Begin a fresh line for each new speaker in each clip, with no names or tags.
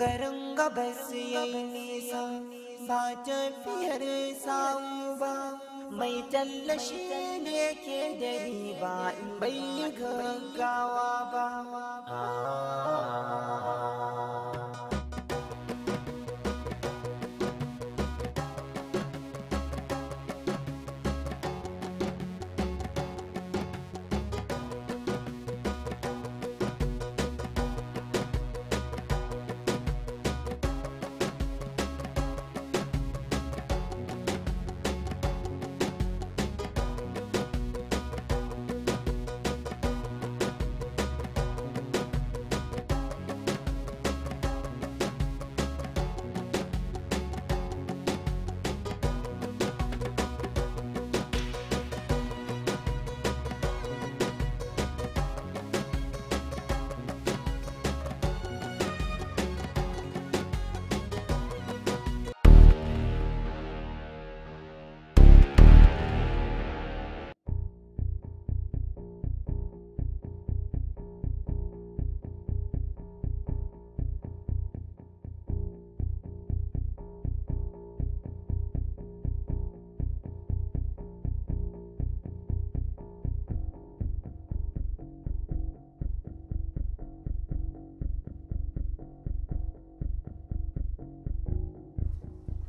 garin gabas ya yi nisa ba tafiyar samu ba mai tallashi ne ke da ba in bai gaggawa ba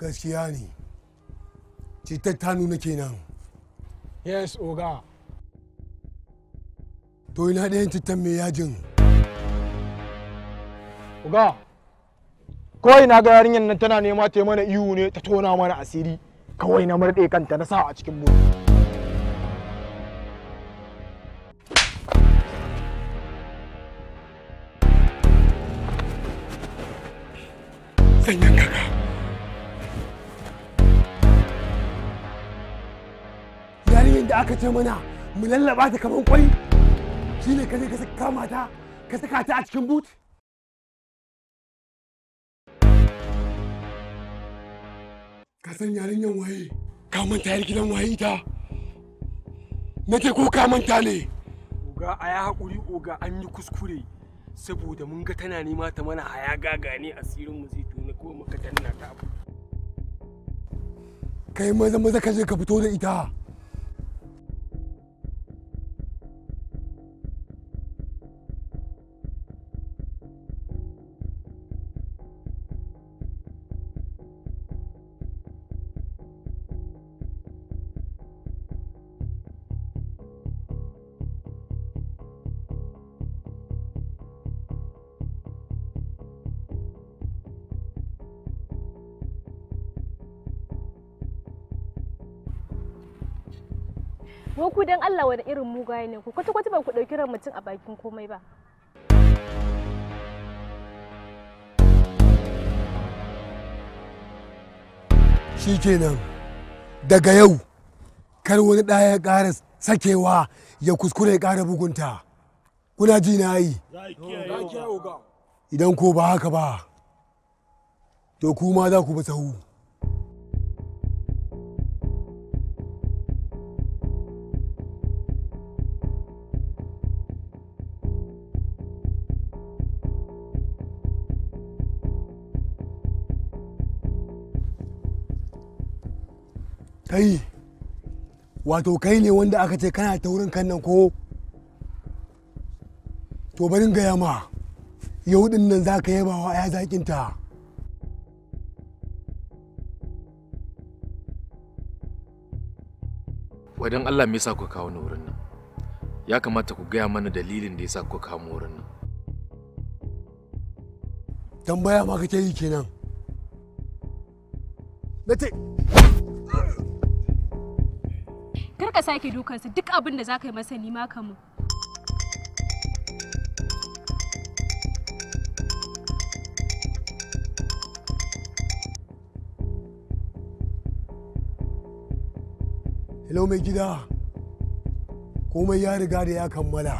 gaskiya ne cutar ta nuna kenan yes oga to ina ɗayan cutar mai yajin oga kawai na ga yarinyar nan tana nema ta mana ihu ne ta tona mana asiri kawai na marɗe kanta na sa a cikin mota ka ce mana mu lallaba ta kamar kwai shine ka je ka saka mata ka saka ta a cikin boot ka san yarinyan waye ka manta yar gidan waye ita nake ko ka manta ne oga a ya haƙuri oga an yi kuskure saboda mun ga tana nema ta mana haya gagane asirin mu zai tona ko muka danna ta abu kai maza maza ka je ka fito da ita
ko ku dan Allah wani irin mugaye ne ku kwata kwata ba ku dauki ran mutum a bakin komai ba
shi shikenan daga yau kar wani ɗaya ya ƙara sakewa ya kuskure ƙara bugunta kuna ji na yi idan ko ba haka ba to kuma za ku bi sahu kai wato kai ne wanda aka ce kana taurin kan nan ko to barin gaya ma yau din nan za ka yaba wa ya zakinta
wadan allah me yasa ku kawo ni wurin nan ya kamata ku gaya mana dalilin da yasa ku kawo mu wurin nan
tambaya ma kake yi kenan
na ce
kar ka sake dukansu duk abin da zaka yi masa ni ma kamun
Hello mai gida, komai ya riga da ya kammala.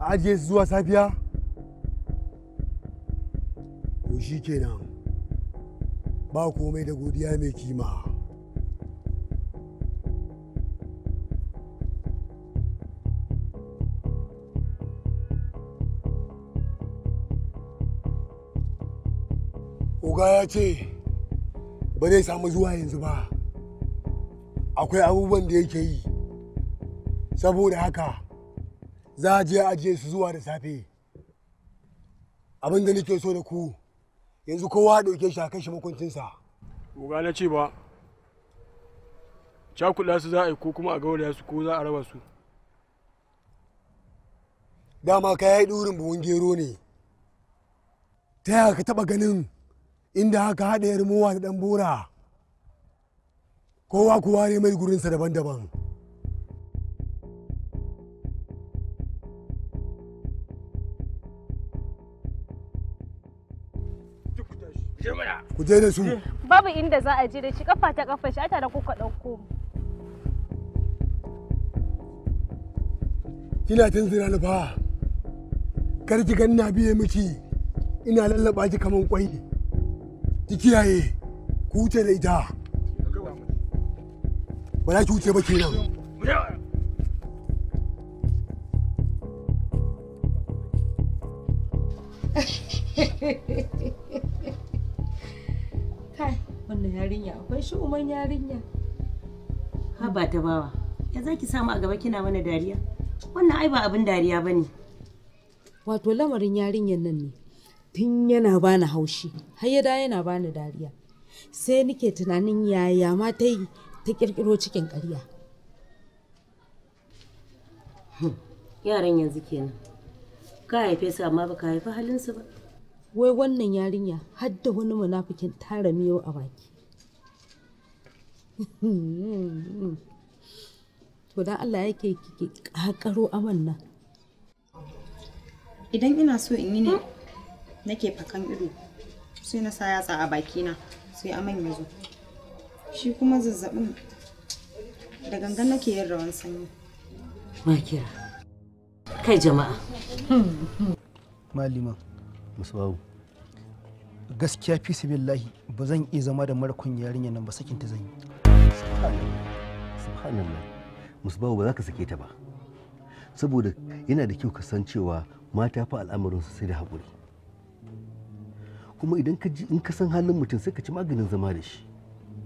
A ajiye su zuwa safiya? To shi kenan. ba komai da godiya mai kima oga ya ce ba zai samu zuwa yanzu ba akwai abubuwan da yake yi saboda haka za a je ajiye su zuwa da safe abin da nake so da ku yanzu kowa ya ɗauke shi a kan shi makuncinsa ba na ce ba cakuɗa su za a yi ko kuma a gauraya su ko za a raba su dama ka yi ɗurin buhun gero ne ta yaya ka taɓa ganin inda haka haɗa yarmuwa da ɗan bora kowa kowa ne mai gurinsa daban-daban ku je da su
babu inda za a je da shi kafa ta kafa shi a da kuka ɗauko.
kina tun zina na fa kar ki ganna biye miki ina lallaba ki kaman kwai ki kiyaye ku wuce da ita ba ki wuce ba kenan
yarinya akwai shi uman yarinya haba ta bawa ya zaki samu a gaba kina mana dariya wannan ai ba abin dariya bane wato lamarin yarinyan nan ne tun yana bani haushi har ya da yana bani dariya sai nike tunanin yaya ma ta yi ta kirkiro cikin ƙarya hm, yaran yanzu kenan ka haife su amma baka haifi halinsu ba wai wannan yarinya har da wani munafikin tara miyau a baki to dan Allah yake kike kakaro aman nan idan ina so in yi ne nake fakan ido sai na sa yatsa a bakina
sai aman ya zo shi kuma zazzabin da gangan
nake yin rawan sanyi makira kai jama'a
malima musawu gaskiya fi ba zan iya zama da mara kun yarinya nan ba sakin ta zan yi
subhanallah musbahu ba za ka sake ta ba saboda yana da kyau ka san cewa mata fa al'amarin sai da haƙuri kuma idan ka ji in ka san halin mutum sai ka ci maganin zama da shi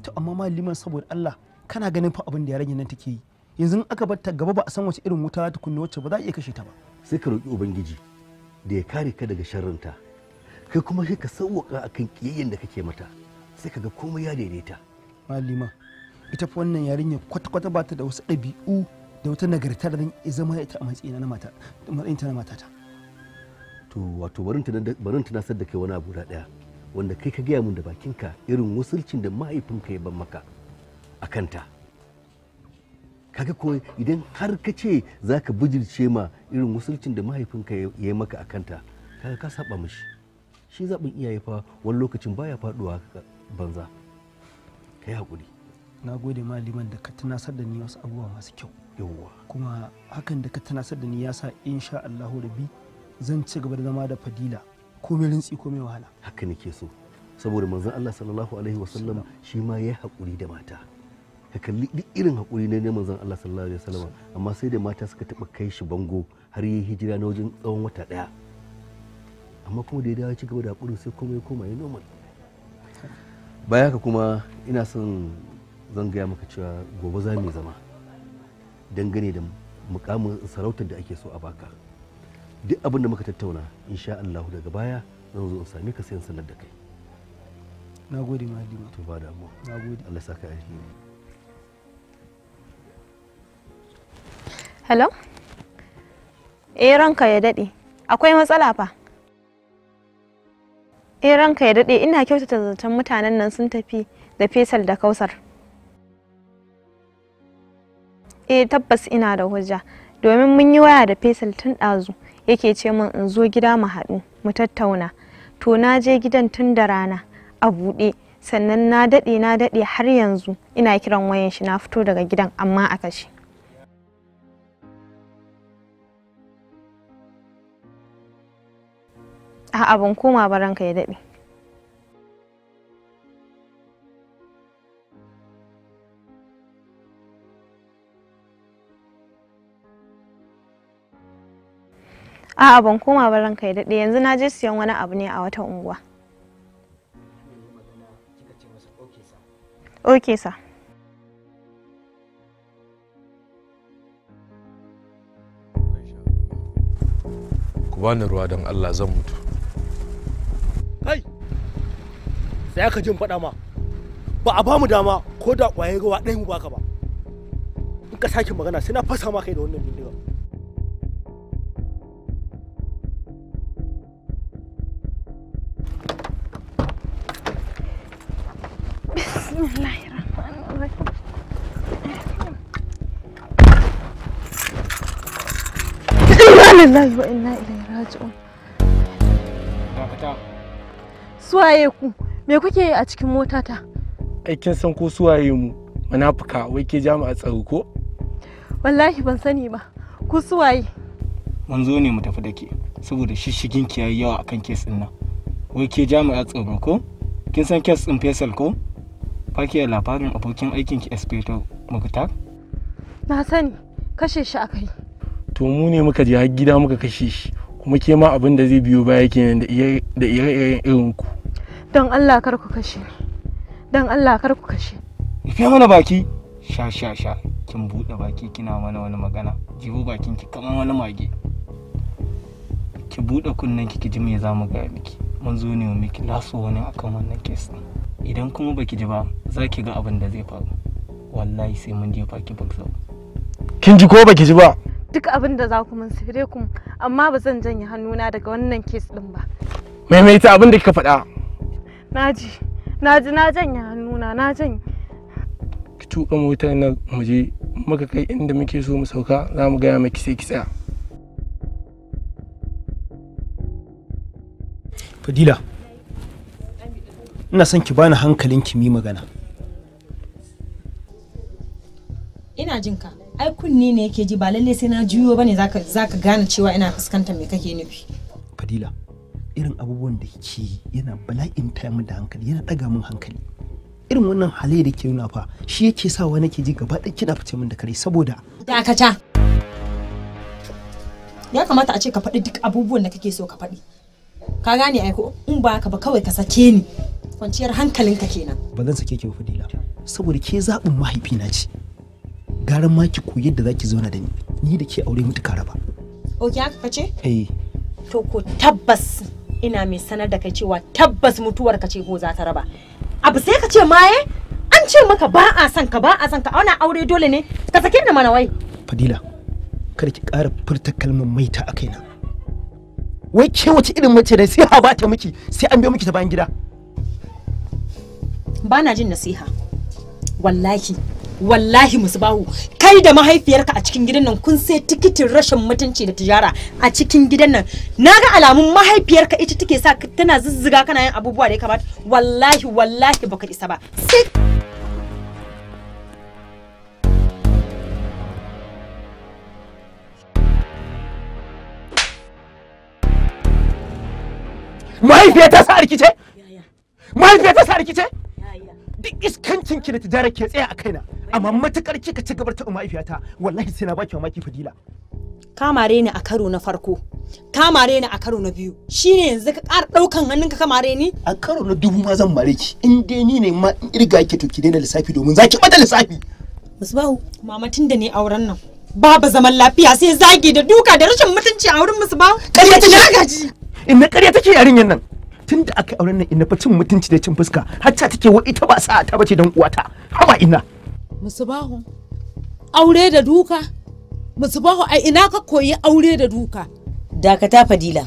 to amma maliman saboda Allah kana ganin fa abin da ya rage nan take yi yanzu aka bar gaba ba a san wace irin wuta za ta kunna wacce ba za a iya kashe ta ba sai ka roki ubangiji da ya kare ka daga sharrinta kai kuma sai ka sauwaka akan kiyayyen da kake mata sai ka ga komai ya daidaita malima ita fa wannan yarinya kwata-kwata ba ta da
wasu ɗabi'u da wata nagarta da zan zama ita a matsayin na mata da matsayin ta na matata
to wato barin ta nasar da kai wani abu da daya wanda kai ka gaya min da bakinka irin wasulcin da mahaifinka ya ban maka a kanta kaga ko idan har ka ce za ka bijirce ma irin wasulcin da mahaifinka ya yi maka a kanta kaga ka saba mishi shi zaɓin iyaye fa wani lokacin baya faɗuwa banza ka yi haƙuri
na gode ma da ka tunasar da ni wasu abubuwa masu kyau yawwa kuma hakan da ka tunasar da ni ya sa insha Allahu rabbi zan ci gaba da zama da fadila ko mai rintsi ko komai wahala
haka nake so saboda manzon Allah sallallahu alaihi wasallam shi ma ya hakuri da mata ka kalli duk irin hakuri ne manzon Allah sallallahu alaihi wasallam amma sai da mata suka taba kai shi bango har yayi hijira na wajen tsawon wata daya amma kuma da ya dawo ci gaba da haƙuri sai komai koma ya normal baya ka kuma ina son zan gaya maka cewa gobe za mu zama dangane da mukamin sarautar da ake so a baka duk abin da muka tattauna insha Allah daga baya zan zo in same ka sayan sanar da kai na gode malima to ba damu na gode Allah saka alheri
hello eh ranka ya dade akwai matsala fa eh ranka ya dade ina kyautata zaton mutanen nan sun tafi da fesal da kausar eh tabbas ina da hujja domin mun yi waya da fesal tun ɗazu yake ce min in zo gida mu haɗu mu tattauna to na je gidan tun da rana a buɗe sannan na daɗe na daɗe har yanzu ina kiran wayan shi na fito daga gidan amma a kashe a'a ban koma baranka ya daɗe A'a ban koma ba ranka ya daɗe yanzu na je siyan wani abu ne a wata unguwa. Oke sa.
Ku
bani ruwa don Allah zan mutu. Kai! Sai aka jin
faɗa ma. Ba a ba mu dama ko da ƙwayar ruwa ɗaya mu baka ba. In ka sake magana sai na fasa ma kai da wannan bindiga.
lillahi wa inna ilaihi raji'un Su waye ku me kuke yi a cikin motata
ai kin san ko su waye mu munafuka wai ke jami'a tsaro ko
wallahi ban sani ba ku suwaye
mun zo ne mu tafi da ke
saboda shishigin ki yayi yawa akan kes din nan wai ke jami'a tsaro ko kin san kes din fesal ko fakiyar labarin abokin aikin ki Inspector Mukhtar
na sani kashe shi akai
to mu ne muka je har gida muka kashe shi kuma ke ma abin da zai biyo baya kenan da ire-iren irin ku
don Allah kar ku kashe don Allah kar ku kashe
rufe mana baki sha sha sha kin
buɗe
baki kina mana wani magana jibo bakin ki kamar wani mage ki buɗe kunnen ki ji me zamu gaya miki mun zo ne miki laso wani akan wannan kes idan kuma baki ji ba za ki ga abin da zai faru wallahi sai mun jefa ki bakzau
kin ji ko baki ji ba
duk abin da za ku mun sai ku amma ba zan janye hannuna daga wannan kes din ba
maimaita abin da kika faɗa
naji naji na janye hannuna na janye
ki tuka mota na muje muka kai inda muke so mu sauka za mu gaya miki sai ki tsaya
fadila ina son ki bani hankalinki ki mi magana
ina jin ka ai kunni ne yake ji ba lalle sai na juyo bane zaka zaka gane cewa ina fuskantar me kake nufi
fadila irin abubuwan da ke yana bala'in taya min da hankali yana daga min hankali irin wannan halaye da ke nuna fa shi yake sawa ke ji gaba ɗaya kina fice min da kare saboda
dakata ya kamata a ce ka faɗi duk abubuwan da kake so ka faɗi ka gane ai ko in ba ka ba kawai ka sake ni kwanciyar hankalinka kenan
ba zan sake ki ba fadila saboda ke zaɓin mahaifina ce gara ma ki koyi yadda zaki zauna da ni ni da ke aure mutu kara ba
oke aka kace. eh to ko tabbas ina mai sanar da kai cewa tabbas mutuwar ka ce ko za ta raba abu sai ka ce maye eh, an ce maka ba a san ka ba a san ka auna aure dole ne ka sake ni
mana wai fadila kar ki ƙara furta kalmar maita a kaina wai ke wace irin mace da sai ha ba ta miki sai an biyo miki ta bayan gida
ba na jin nasiha wallahi wallahi musu musbahu kai da mahaifiyarka a cikin gidan nan kun sai tikitin rashin mutunci da tijara a cikin gidan nan naga alamun mahaifiyarka ita take sa tana zuzzuga kana yin abubuwa da ya kamata wallahi wallahi baka isa ba sai
mahaifiyar ta sa rikice mahaifiyar ta sa rikice duk iskancin ki da ta tijara ke tsaya a kaina amma matukar kika ci gabar ta mahaifiyata wallahi sai na baki mamaki fadila kamare ni a karo na farko kamare ni a karo na biyu shine yanzu ka ƙara ɗaukan ka kamare ni a karo na dubu ma zan mare ki in dai ni ne ma in irga ki to ki daina lissafi domin zaki bada lissafi musbahu mama tunda ne
auren nan babu zaman lafiya sai zagi da duka da rashin mutunci a wurin musbahu ƙarya take
gaji in na ƙarya take yarinyar nan tun da aka auren nan ina fa cin mutunci da cin fuska hacca take wa ita ba sa ta bace dan uwata haba ina
musubahu aure da duka musubahu a ina ka koyi aure da duka dakata fadila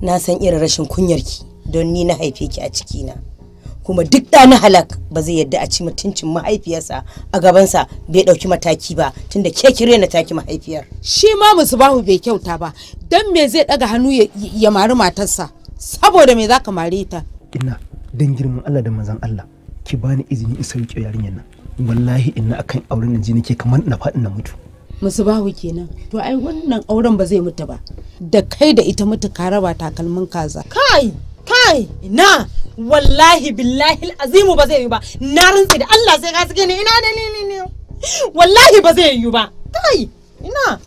na san irin rashin kunyarki don ni na haife ki a cikina kuma duk da na halak ba zai yadda a ci mutuncin mahaifiyarsa a gabansa bai ɗauki mataki ba tunda ke kire na taki mahaifiyar shi ma musubahu bai kyauta ba don me zai ɗaga hannu ya mari matarsa saboda me zaka mare ta
ina dan girman Allah da manzon Allah ki bani izini in sauke yarinyar nan wallahi ina akan auren nan ji nake kamar na faɗi na mutu
musu bahu kenan to ai wannan auren ba zai mutu ba da kai da ita mutu ka raba takalmin kaza kai kai ina wallahi billahi
azimu ba zai yi ba na rantsi da Allah sai ka suke ne ina ne wallahi ba zai yi ba kai ina